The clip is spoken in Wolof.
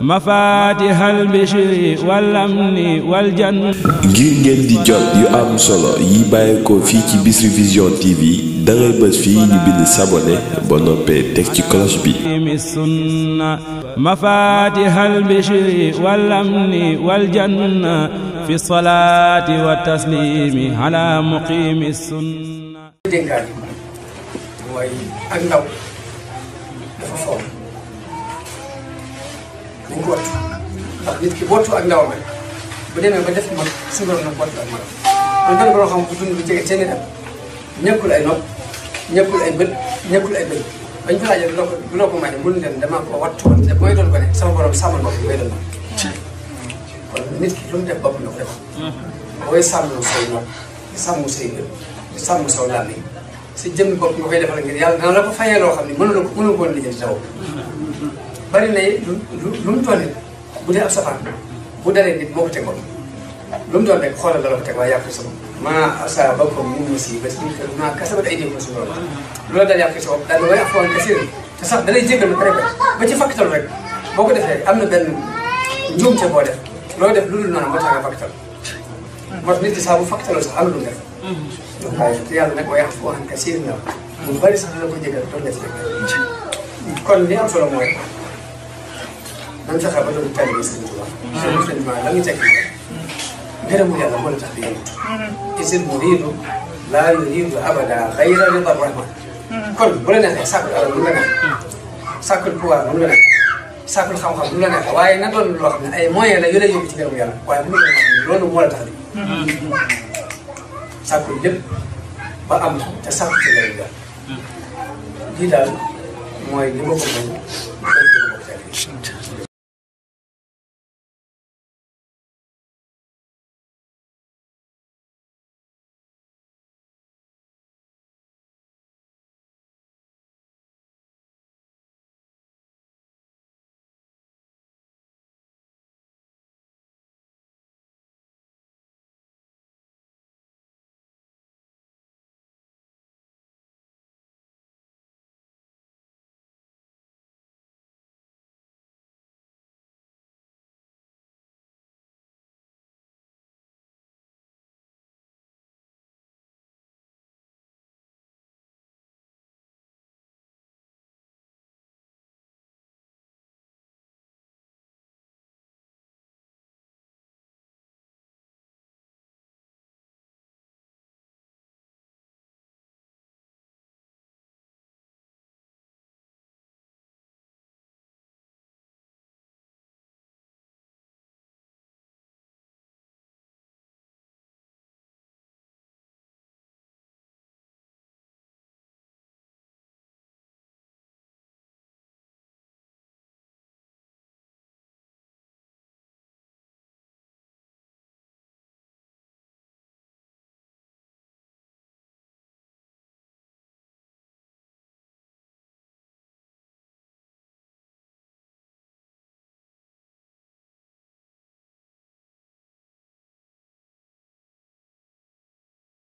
MAPHATI HAL BICHIRI WAL AMNI WAL JANNA GYENGEN DIJOT YU AMSOLO YI BAYEKO FI KIBIS REVISION TV DANGEL BOSFI YI BILI SABONE BONO PE TEKTI KOLASHI BI MAPHATI HAL BICHIRI WAL AMNI WAL JANNA FI SALATI WAL TASNIMI ALA MUKIMI SUNNA nit ki bootu ak ba def mag suñu borom nag bootu ak magam man benn borom xam bu loo ko du loo ko may mënu leen damaa ko wattu woon ne booy doon ko ne sama borom bopp ko def mm-hmm. booy nga koy defal ngir yàlla dana la ko fayee loo xam ne mënu la ko mënu ko woon lijjanti taw mm-hmm. bari na lu lu mu toll bu dee ab safaan bu daree nit moo ko tegoon lu mu doon rek xoolal la la ko teg waaye yàq sa bopp maa asaabakum min musiibatin fabimaa kasabat aydiikum lu la dal yàq sa bopp daal di wax afwan kasiiran te sax dalay jéggal ba pare ba ci fàkkatal rek boo ko defee am na benn njuumte boo def loo def lu dul noonu moo tax nga fàkkatal moo tax nit ki saa bu fàkkataloo sax am na lu mu def. donc waaye te yàlla nag wa ya'fuu an kasiiran bu bari sax dina ko jégal doon la ci kon li am solo mooy. dañ fexe ba doon tànn seen tubaab. seen tubaab la ñu tekki ngërëmu yàlla moo la tax di yëngatu. Mm-hmm. isil muridu laa yuridu abada xayra rida rahman mm-hmm. kon bu la neexee sàkkul alal lu la neex. sàkkul pouvoir lu la neex. sàkkul xam-xam lu la waaye na doon loo xam ne ay moyens la yu lay yóbbu ci ngërëmu yàlla la neexee loolu moo la tax sa mm-hmm. sàkkul lépp ba am te sàkku ci lay doon. lii daal mooy li ma ko mën a